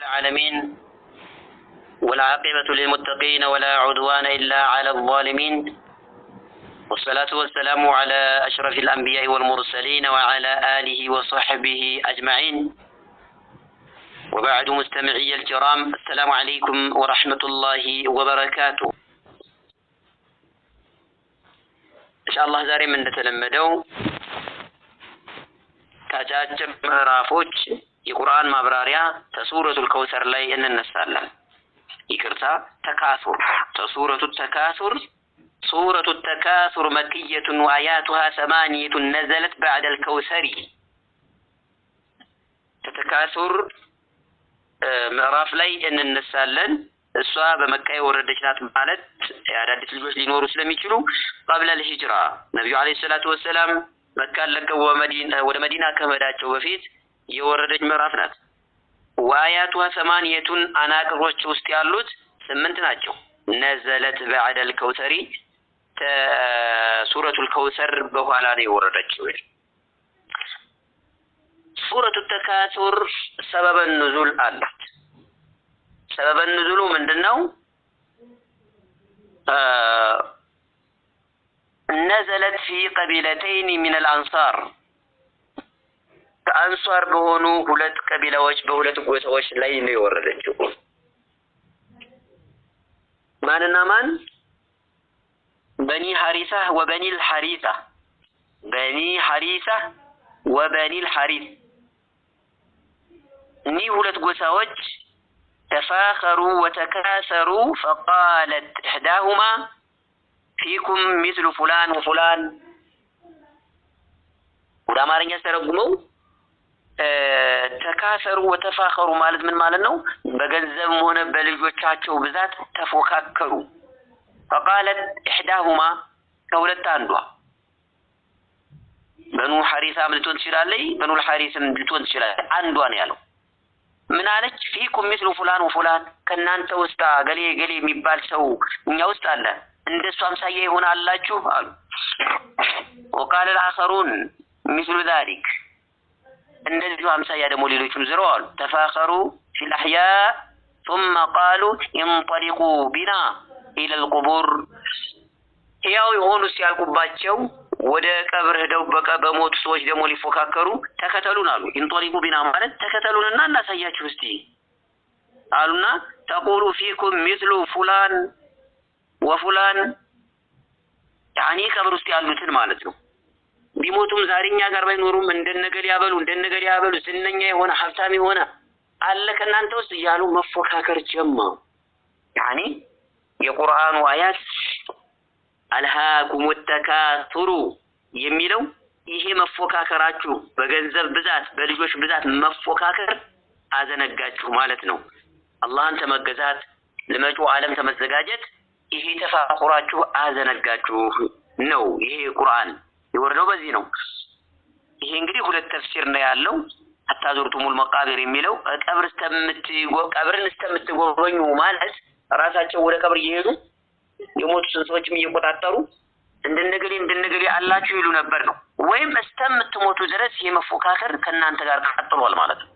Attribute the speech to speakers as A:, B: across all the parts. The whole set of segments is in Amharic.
A: العالمين والعاقبة للمتقين ولا عدوان إلا على الظالمين والصلاة والسلام على أشرف الأنبياء والمرسلين وعلى آله وصحبه أجمعين وبعد مستمعي الكرام السلام عليكم ورحمة الله وبركاته إن شاء الله زاري من نتلمدو جمع رافوج የቁርአን ማብራሪያ ተሱረቱል ከውሰር ላይ እንነሳለን። ይቅርታ ተካሱር ተሱረቱ ተካሱር ሱረቱ ተካሱር መክየቱን ወአያቱሃ ሰማንየቱን ነዘለት በዕደል ከውሰሪ ተተካሱር ምዕራፍ ላይ እንነሳለን። እሷ በመካ የወረደች ናት። ማለት አዳዲስ ልጆች ሊኖሩ ስለሚችሉ ቀብለል ሂጅራ ነቢዩ ዓለይሂ ሰላቱ ወሰላም መካን ለቀው ወደ መዲና ከመሄዳቸው በፊት የወረደች ምዕራፍ ናት። ወአያቷ ሰማንየቱን አናቅሮች ውስጥ ያሉት ስምንት ናቸው። ነዘለት በአደል ከውሰሪ ሱረቱል ከውሰር በኋላ ነው የወረደችው። ሱረቱ ተካሱር ሰበበ ኑዙል አላት። ሰበበ ኑዙሉ ምንድን ነው? ነዘለት ፊ ቀቢለተይን ሚነል አንሳር አንሷር በሆኑ ሁለት ቀቢላዎች በሁለት ጎሳዎች ላይ ነው የወረደችው። ማንና ማን? በኒ ሐሪሳ ወበኒል ሐሪሳ፣ በኒ ሐሪሳ ወበኒል ሐሪስ። እኒህ ሁለት ጎሳዎች ተፋኸሩ ወተካሰሩ ፈቃለት እሕዳሁማ ፊኩም ሚስሉ ፉላን ወፉላን ወደ አማርኛ ሲተረጉመው ተካሰሩ ወተፋኸሩ ማለት ምን ማለት ነው? በገንዘብም ሆነ በልጆቻቸው ብዛት ተፎካከሩ። ፈቃለት ኢሕዳሁማ ከሁለት አንዷ በኑ ሐሪሳም ልትሆን ትችላለች፣ በኑ ሐሪስም ልትሆን ትችላለች። አንዷ ያለው። ምን አለች? ፊኩም ሚስሉ ፉላን ወፉላን፣ ከእናንተ ውስጥ ገሌ ገሌ የሚባል ሰው እኛ ውስጥ አለ፣ እንደሱ አምሳያ ይሆናላችሁ አሉ። ወቃለል አኸሩን ሚስሉ ዛሊክ እንደዚሁ አምሳያ ደግሞ ሌሎችም ዝረው አሉ። ተፋኸሩ ፊል አህያ ቃሉ قالوا ቢና بنا الى القبور ያው የሆኑ ሲያልቁባቸው ወደ ቀብር ሄደው በሞቱ ሰዎች ደግሞ ሊፎካከሩ ተከተሉን አሉ። ኢንጠሊቁ ቢና ማለት ተከተሉንና እናሳያችሁ እስቲ አሉና ተቁሉ ፊኩም ሚስሉ ፉላን ወፉላን ያኒ ቀብር ውስጥ ያሉትን ማለት ነው። ቢሞቱም ዛሬ እኛ ጋር ባይኖሩም እንደነገል ያበሉ እንደነገል ያበሉ ዝነኛ የሆነ ሀብታም የሆነ አለ ከእናንተ ውስጥ እያሉ መፎካከር ጀመሩ። ያኒ የቁርአኑ አያት አልሃኩም ተካቱሩ የሚለው ይሄ መፎካከራችሁ በገንዘብ ብዛት፣ በልጆች ብዛት መፎካከር አዘነጋችሁ ማለት ነው። አላህን ተመገዛት ለመጪው ዓለም ተመዘጋጀት ይሄ ተፋቁራችሁ አዘነጋችሁ ነው ይሄ ቁርአን የወረደው በዚህ ነው። ይሄ እንግዲህ ሁለት ተፍሲር ነው ያለው። ሀታ ሙል መቃብር የሚለው ቀብር እስከምትጎ ቀብርን እስከምትጎበኙ ማለት ራሳቸው ወደ ቀብር እየሄዱ የሞቱትን ሰዎችም እየቆጣጠሩ እንደነገሌ እንደነገሌ አላችሁ ይሉ ነበር ነው። ወይም እስከምትሞቱ ድረስ ይሄ መፎካከር ከእናንተ ጋር ቀጥሏል ማለት ነው።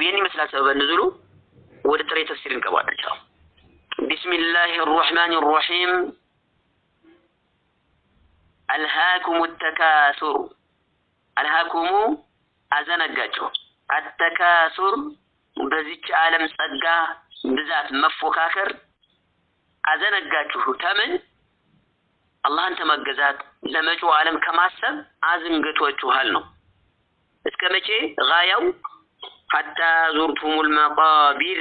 A: ይህን ይመስላል ሰበበ ንዙሉ። ወደ ጥሬ ተፍሲር እንገባለን። ቢስሚላሂ ራህማን ራሒም አልሃኩሙ ተካሱሩ አልሃኩሙ አዘነጋችሁ አተካሱር በዚች ዓለም ጸጋ ብዛት መፎካከር አዘነጋችሁ ተምን አላህን ተመገዛት ለመጪው ዓለም ከማሰብ አዝንግቶችኋል ነው። እስከ መቼ ጋያው ሐታ ዙርቱሙል መቃቢር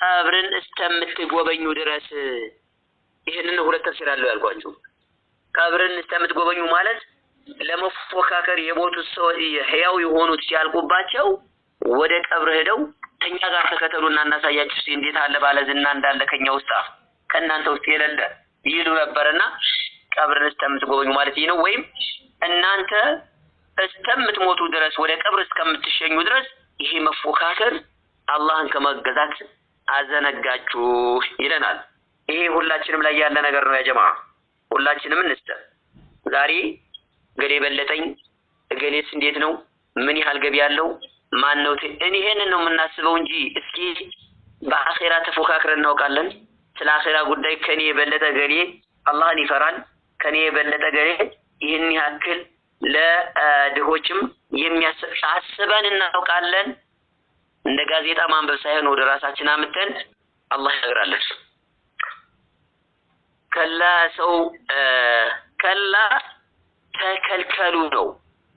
A: ቀብርን እስከምትጎበኙ ድረስ ይህንን ሁለት ተፍሲር አለው ያልኳችሁ ቀብርን እስከምትጎበኙ ማለት ለመፎካከር የሞቱት ሰው ህያው የሆኑት ሲያልቁባቸው ወደ ቀብር ሄደው ከኛ ጋር ተከተሉና እናሳያችሁ ሲ እንዴት አለ ባለ ዝና እንዳለ ከኛ ውስጥ ከእናንተ ውስጥ የሌለ ይሉ ነበርና ቀብርን እስከምትጎበኙ ማለት ይህ ነው። ወይም እናንተ እስከምትሞቱ ድረስ ወደ ቀብር እስከምትሸኙ ድረስ ይሄ መፎካከር አላህን ከመገዛት አዘነጋችሁ ይለናል። ይሄ ሁላችንም ላይ ያለ ነገር ነው ያጀማ ሁላችንም እንስጠን። ዛሬ እገሌ በለጠኝ፣ እገሌስ እንዴት ነው፣ ምን ያህል ገቢ ያለው ማን ነው? ይሄንን ነው የምናስበው እንጂ እስኪ በአኼራ ተፎካክረን እናውቃለን። ስለ አኼራ ጉዳይ ከኔ የበለጠ ገሌ አላህን ይፈራል፣ ከኔ የበለጠ ገሌ ይህን ያክል ለድሆችም የሚያስብ አስበን እናውቃለን። እንደ ጋዜጣ ማንበብ ሳይሆን ወደ ራሳችን አምተን አላህ ይነግራለን። ከላ ሰው ከላ ተከልከሉ ነው።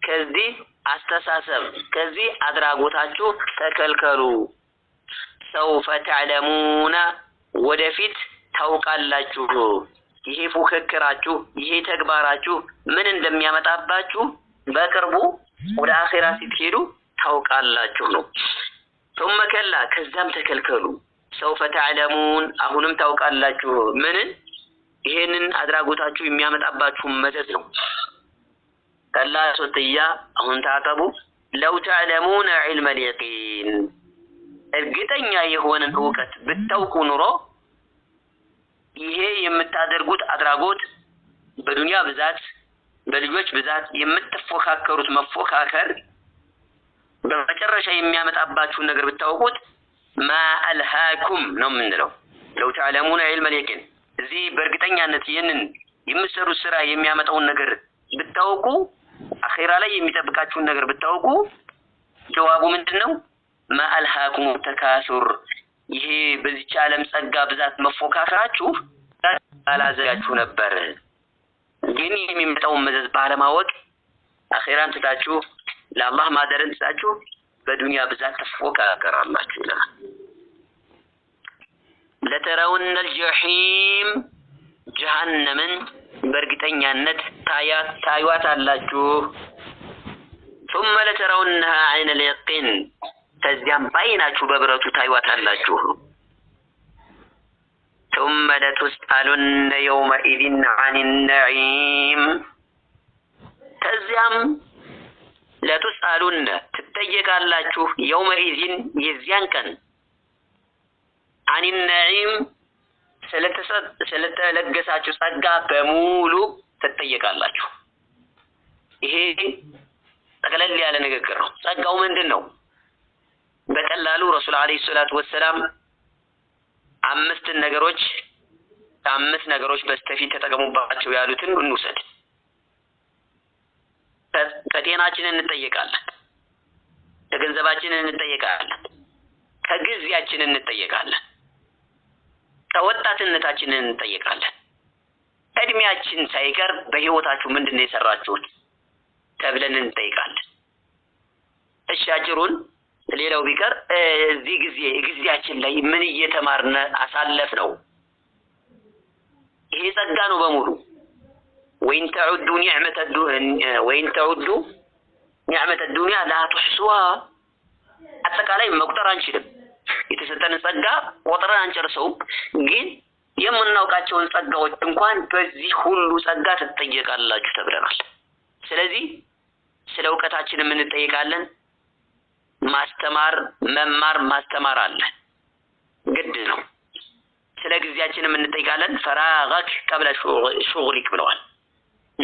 A: ከዚህ አስተሳሰብ ከዚህ አድራጎታችሁ ተከልከሉ። ሰውፈ ተዕለሙና ወደፊት ታውቃላችሁ። ይሄ ፉክክራችሁ ይሄ ተግባራችሁ ምን እንደሚያመጣባችሁ በቅርቡ ወደ አኼራ ስትሄዱ ታውቃላችሁ ነው። ثم ከላ ከዛም ተከልከሉ። ሰውፈ ተዕለሙን አሁንም ታውቃላችሁ ምንን ይሄንን አድራጎታችሁ የሚያመጣባችሁ መዘዝ ነው። ከላ ሶትያ አሁን ታቀቡ ለው ተዕለሙነ ዒልመል የቂን እርግጠኛ የሆነን እውቀት ብታውቁ ኑሮ ይሄ የምታደርጉት አድራጎት በዱንያ ብዛት፣ በልጆች ብዛት የምትፎካከሩት መፎካከር በመጨረሻ የሚያመጣባችሁን ነገር ብታውቁት ማ አልሃኩም ነው የምንለው። ለው ተዕለሙነ ዒልመል እዚህ በእርግጠኛነት ይህንን የምትሰሩት ስራ የሚያመጣውን ነገር ብታወቁ፣ አኼራ ላይ የሚጠብቃችሁን ነገር ብታወቁ፣ ጀዋቡ ምንድን ነው? ማአልሃኩሙ ተካሱር፣ ይሄ በዚች ዓለም ጸጋ ብዛት መፎካከራችሁ አላዘጋችሁ ነበር። ግን የሚመጣውን መዘዝ ባለማወቅ አኼራን ትታችሁ ለአላህ ማደርን ትታችሁ በዱንያ ብዛት ተፎካከራላችሁ ይለናል። ለተረውነል ጀሒም ጀሃነምን በእርግጠኛነት ታዩት አላችሁ። ثم ለተረውነሃ አይነ ልየቂን ከዚያም ባይናችሁ በብረቱ ታዩዋት አላችሁ። ثم ለትስአሉነ የውመኢዝን አን ነዒም ከዚያም ለትስአሉነ ትጠየቃላችሁ የውመኢዝን የዚያን ቀን አኒ ነዒም ስለተለገሳችሁ ጸጋ በሙሉ ትጠየቃላችሁ። ይሄ ጠቅለል ያለ ንግግር ነው። ጸጋው ምንድን ነው? በቀላሉ ረሱል አለይሂ ሰላቱ ወሰላም አምስትን ነገሮች ከአምስት ነገሮች በስተፊት ተጠቀሙባቸው ያሉትን እንውሰድ። ከጤናችን እንጠየቃለን፣ ከገንዘባችን እንጠየቃለን፣ ከጊዜያችን እንጠየቃለን። ወጣትነታችንን እንጠይቃለን። እድሜያችን ሳይቀር በህይወታችሁ ምንድን ነው የሰራችሁት ተብለን እንጠይቃለን። እሺ አጭሩን ሌላው ቢቀር እዚህ ጊዜ ጊዜያችን ላይ ምን እየተማርነ አሳለፍ ነው። ይሄ ጸጋ ነው በሙሉ ወይን ተዑዱ ኒዕመተ ወይን ተዑዱ ኒዕመተ ዱንያ ላ ቱሕሱሃ አጠቃላይ መቁጠር አንችልም። የተሰጠን ጸጋ ቆጥረን አንጨርሰውም። ግን የምናውቃቸውን ጸጋዎች እንኳን በዚህ ሁሉ ጸጋ ትጠየቃላችሁ ተብለናል። ስለዚህ ስለ እውቀታችን እንጠይቃለን። ማስተማር መማር ማስተማር አለ ግድ ነው። ስለ ጊዜያችንም እንጠይቃለን። ፈራገክ ቀብለ ሹሊክ ብለዋል።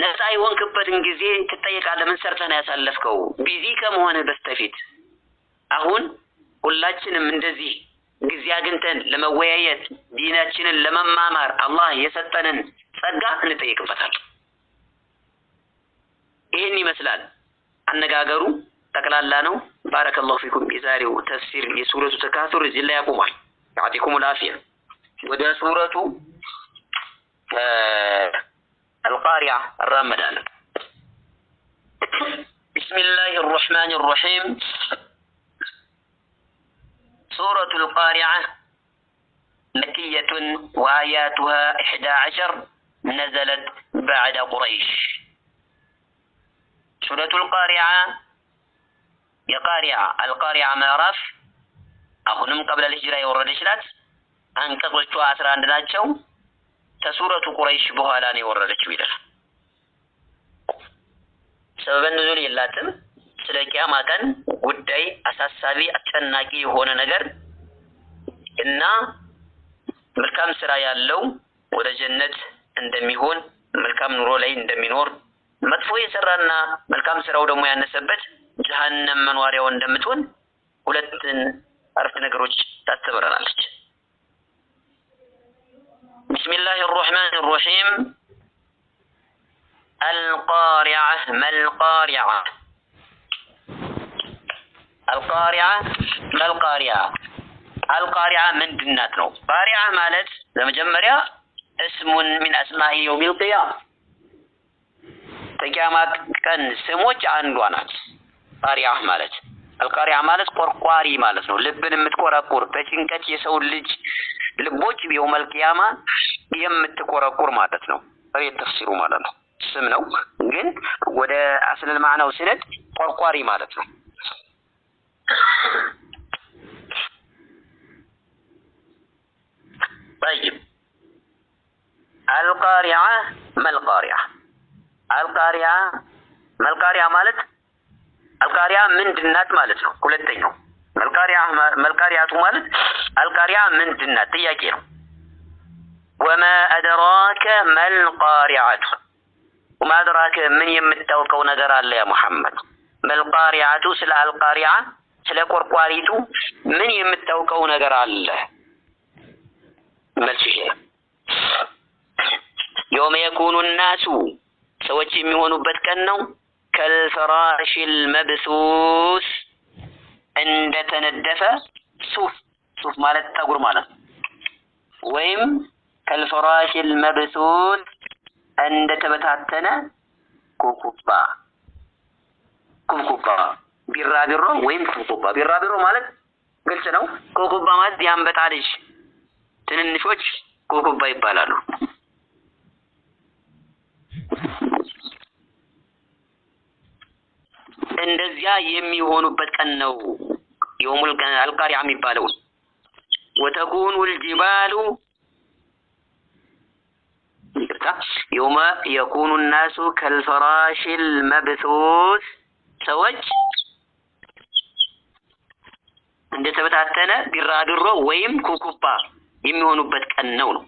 A: ነፃ የሆንክበትን ጊዜ ትጠይቃለህ። ምን ሰርተህ ነው ያሳለፍከው? ቢዚ ከመሆንህ በስተፊት አሁን ሁላችንም እንደዚህ ጊዜ አግኝተን ለመወያየት ዲናችንን ለመማማር አላህ የሰጠንን ጸጋ እንጠይቅበታለን። ይህን ይመስላል አነጋገሩ ጠቅላላ ነው። ባረከላሁ ፊኩም። የዛሬው ተፍሲር የሱረቱ ተካሱር እዚህ ላይ ያቆማል። ያዕጢኩም ልአፍያ። ወደ ሱረቱ አልቃሪያ እራመዳለን። ቢስሚላህ ራህማን አልራሒም سورة القارعة مكية وآياتها إحدى عشر نزلت بعد قريش ሱረቱ አልቃሪዓ የቃሪዓ አልቃሪዓ ምዕራፍ አሁንም ቀብለል ሂጅራ የወረደች ናት። አንቀጾቿ አስራ አንድ ናቸው። ከሱረቱ ቁረይሽ በኋላ ነው የወረደችው ይላል። ሰበበ ንዙል የላትም። ስለ ቂያማ ቀን ጉዳይ አሳሳቢ፣ አስጨናቂ የሆነ ነገር እና መልካም ስራ ያለው ወደ ጀነት እንደሚሆን መልካም ኑሮ ላይ እንደሚኖር መጥፎ የሰራና መልካም ስራው ደግሞ ያነሰበት ጀሀነም መኖሪያው እንደምትሆን ሁለትን አረፍተ ነገሮች ታስተምረናለች። ቢስሚላህ አርራህማን አርራሂም አልቃሪዐ መልቃሪዐ አልቃሪያ መልቃሪያ አልቃሪያ ምንድናት ነው? ቃሪያ ማለት ለመጀመሪያ እስሙን ሚን አስማኢ የውሚል ቂያማ ተቂያማት ቀን ስሞች አንዷ ናት። ቃሪያ ማለት አልቃሪያ ማለት ቆርቋሪ ማለት ነው። ልብን የምትቆረቁር በጭንቀት የሰው ልጅ ልቦች የውመል ቂያማ የምትቆረቁር ማለት ነው። ሬት ተፍሲሩ ማለት ነው። ስም ነው ግን ወደ አስለል ማዕናው ሲነድ ቆርቋሪ ማለት ነው። ጠይብ አልቃሪያ መልቃሪያ አልቃሪዓ መልቃሪዓ ማለት አልቃሪያ ምንድናት ማለት ነው። ሁለተኛው መልቃሪያ መልቃሪያቱ ማለት አልቃሪያ ምንድናት ጥያቄ ነው። ወማ አደራከ መልቃሪያቱ ወማ አደራከ ምን የምታውቀው ነገር አለ ያ መሐመድ? መልቃሪያቱ ስለ አልቃሪያ ስለ ቆርቋሪቱ ምን የምታውቀው ነገር አለ? መልሱ ይሄ ነው። የውመ የኩኑ ናሱ ሰዎች የሚሆኑበት ቀን ነው። ከልፈራሽል መብሱስ እንደተነደፈ ሱፍ ሱፍ ማለት ጠጉር ማለት ነው። ወይም ከልፈራሽል መብሱስ እንደተበታተነ ኩብኩባ ኩብኩባ ቢራቢሮ ወይም ኩብኩባ ቢራቢሮ ማለት ግልጽ ነው። ኩብኩባ ማለት ያንበጣ ልጅ ትንንሾች ጎጎባ ይባላሉ። እንደዚያ የሚሆኑበት ቀን ነው የውሙል አልቃሪያ የሚባለው። ወተኩኑ ልጅባሉ የውመ የኩኑ ናሱ ከልፈራሽል መብሱስ ሰዎች እንደተበታተነ ቢራድሮ ወይም ኩኩባ የሚሆኑበት ቀን ነው ነው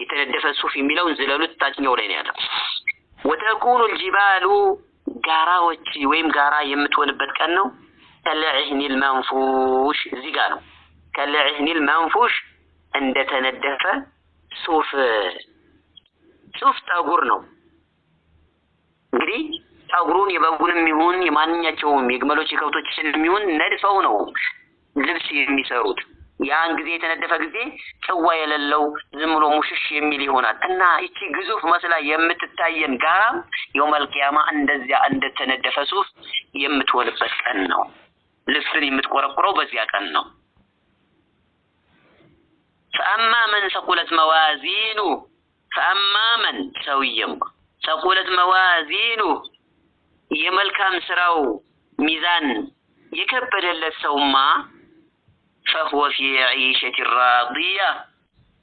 A: የተነደፈ ሱፍ የሚለውን ዝለሉት ታችኛው ላይ ነው ያለው። ወተኩኑ ልጅባሉ ጋራዎች ወይም ጋራ የምትሆንበት ቀን ነው። ከልዕህኒል መንፉሽ እዚህ ጋር ነው። ከልዕህኒል መንፉሽ እንደተነደፈ ሱፍ ሱፍ ጠጉር ነው እንግዲህ ጠጉሩን የበጉንም ይሁን የማንኛቸውም የግመሎች የከብቶችን የሚሆን ነድፈው ነው ልብስ የሚሰሩት። ያን ጊዜ የተነደፈ ጊዜ ጽዋ የሌለው ዝም ብሎ ሙሽሽ የሚል ይሆናል እና ይቺ ግዙፍ መስላ የምትታየን ጋራም የውመል ቂያማ እንደዚያ እንደተነደፈ ሱፍ የምትወልበት ቀን ነው። ልብስን የምትቆረቁረው በዚያ ቀን ነው። ፈአማ መን ሰቁለት መዋዚኑ ፈአማ መን ሰውየም ሰቁለት መዋዚኑ የመልካም ስራው ሚዛን የከበደለት ሰውማ فهو في عيشة راضية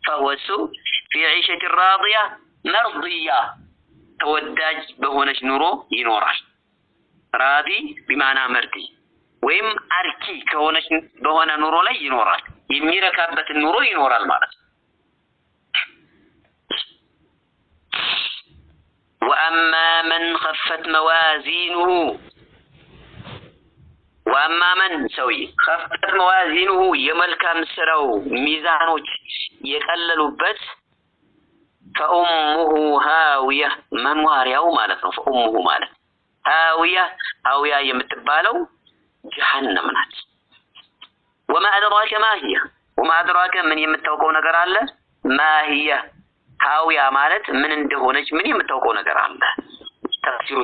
A: فهو سوء في عيشة راضية مرضية توداج بهونش نورو ينورش راضي بمعنى مرضي ويم أركي كونش بهونا نورو لي ينورش يميرا كابة النورو ينورا المرض وأما من خفت موازينه ዋማመን ሰውዬ ከፍተት መዋዚንሁ የመልካም ስራው ሚዛኖች የቀለሉበት ፈኡሙሁ ሃውያ መኗሪያው ማለት ነው። ፈኡሙሁ ማለት ሃውያ ሃውያ የምትባለው ጀሀነም ናት። ወማ አድራከ ማህያ ወማ አድራከ ምን የምታውቀው ነገር አለ? ማህያ ሃውያ ማለት ምን እንደሆነች ምን የምታውቀው ነገር አለ? ተፍሲሩ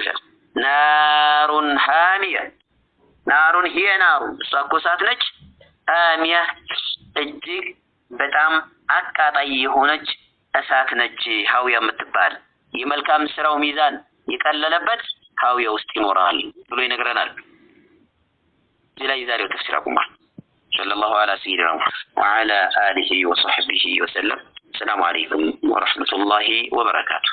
A: ናሩን ሃሚያ ናሩን ሂየ ናሩ እሷ እኮ እሳት ነች። አሚያ እጅግ በጣም አቃጣይ የሆነች እሳት ነች። ሀውያ የምትባል የመልካም ስራው ሚዛን የቀለለበት ሀውያ ውስጥ ይኖራል ብሎ ይነግረናል። እዚህ ላይ የዛሬው ተፍሲር አቁሟል። ሰለላሁ ዐላ ሰይድና ሙሐመድ ወዐላ አሊሂ ወሰሕቢሂ ወሰለም። ሰላሙ አለይኩም ወረሕመቱላሂ ወበረካቱ።